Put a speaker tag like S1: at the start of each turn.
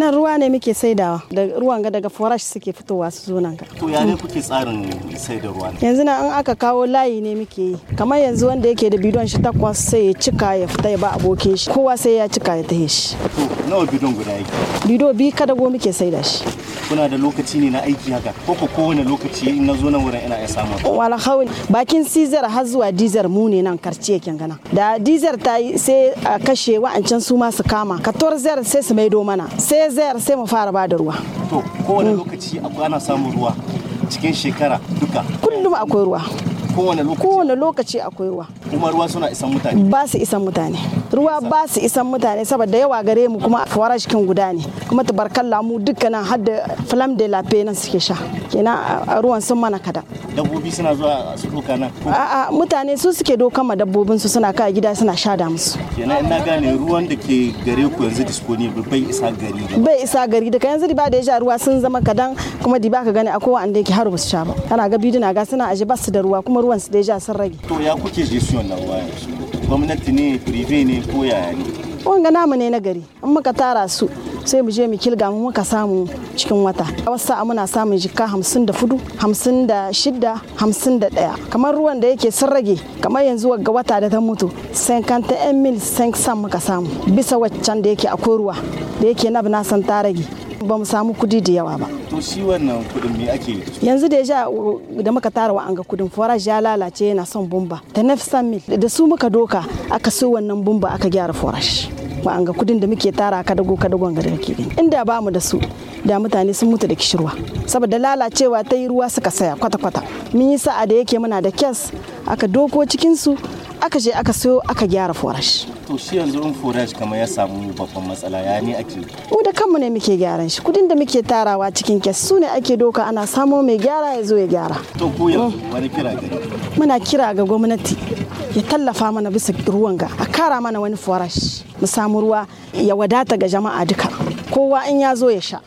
S1: nan ruwa ne muke saidawa da ruwan ga daga forash suke fitowa su zo nan ga to ya ne kuke tsarin saida ruwa yanzu nan an aka kawo layi ne muke yi kamar yanzu wanda yake da bidon shi takwas sai ya cika ya fita ya ba abokin shi kowa sai ya cika ya tahe shi to nawa bidon guda yake bido bi kada go muke saida shi kuna da lokaci ne na aiki haka ko ko kowane lokaci in na zo nan wurin ina iya samu wala hawin bakin sizar har zuwa dizar mu ne nan karciye kin gana da dizar ta yi sai a kashe wa'ancan su ma su kama katuwar zayar sai su maido mana sai zayar sai mu fara ba da ruwa to kowane mm. lokaci ana samun ruwa cikin shekara duka kullum akwai ruwa kowane lokaci akwai ruwa kuma ruwa suna isan mutane ba su isan mutane ruwa ba su isan mutane saboda yawa gare mu kuma farashikin guda ne kuma tabarkalla mu dukkanin har da flam de la nan suke sha kenan ruwan sun mana kada dabbobi suna zuwa su doka nan a'a mutane su suke doka ma dabbobin su suna kai gida suna sha da musu kenan ina gane ruwan da ke gare ku yanzu disponible bai isa gari bai isa gari daga yanzu ba da ya ruwa sun zama kadan kuma di baka ka gani akwai wanda yake har ba su sha ba kana ga biduna ga suna aje ba su da ruwa kuma ruwan su da ya sun rage to ya kuke je su gwamnati ne prive ne ko yaya ne namu ne na gari in muka tara su sai mu je mu kilga mu muka samu cikin wata a wasu muna samun jika hamsin da fudu hamsin da shidda hamsin da ɗaya kamar ruwan da yake sun rage kamar yanzu ga wata da ta mutu san kanta yan mil sai muka samu bisa waccan da yake akwai ruwa da yake na na san ta rage ba mu samu kudi da yawa ba to shi wannan kudin me ake yanzu da ja da muka tara wa an kudin forage ya lalace yana son bumba ta nafsan mil da su muka doka aka so wannan bumba aka gyara forage ba an kudin da muke tara ka dago ga da gani inda ba mu da su da mutane sun mutu da kishirwa saboda lalacewa ta yi ruwa suka saya kwata-kwata mun yi sa'a da yake muna da kes aka doko cikinsu aka je aka so aka gyara forash to shi yanzu in forage kamar ya samu babban matsala ya ne ake mu da kanmu ne muke gyaran shi kudin da muke tarawa cikin kes su ne ake doka ana samo mai gyara ya zo ya gyara to ko yanzu hmm. wani kira gari muna kira ga gwamnati ya tallafa mana bisa ruwan ga a kara mana wani forage mu samu ruwa ya wadata ga jama'a duka kowa in ya zo ya sha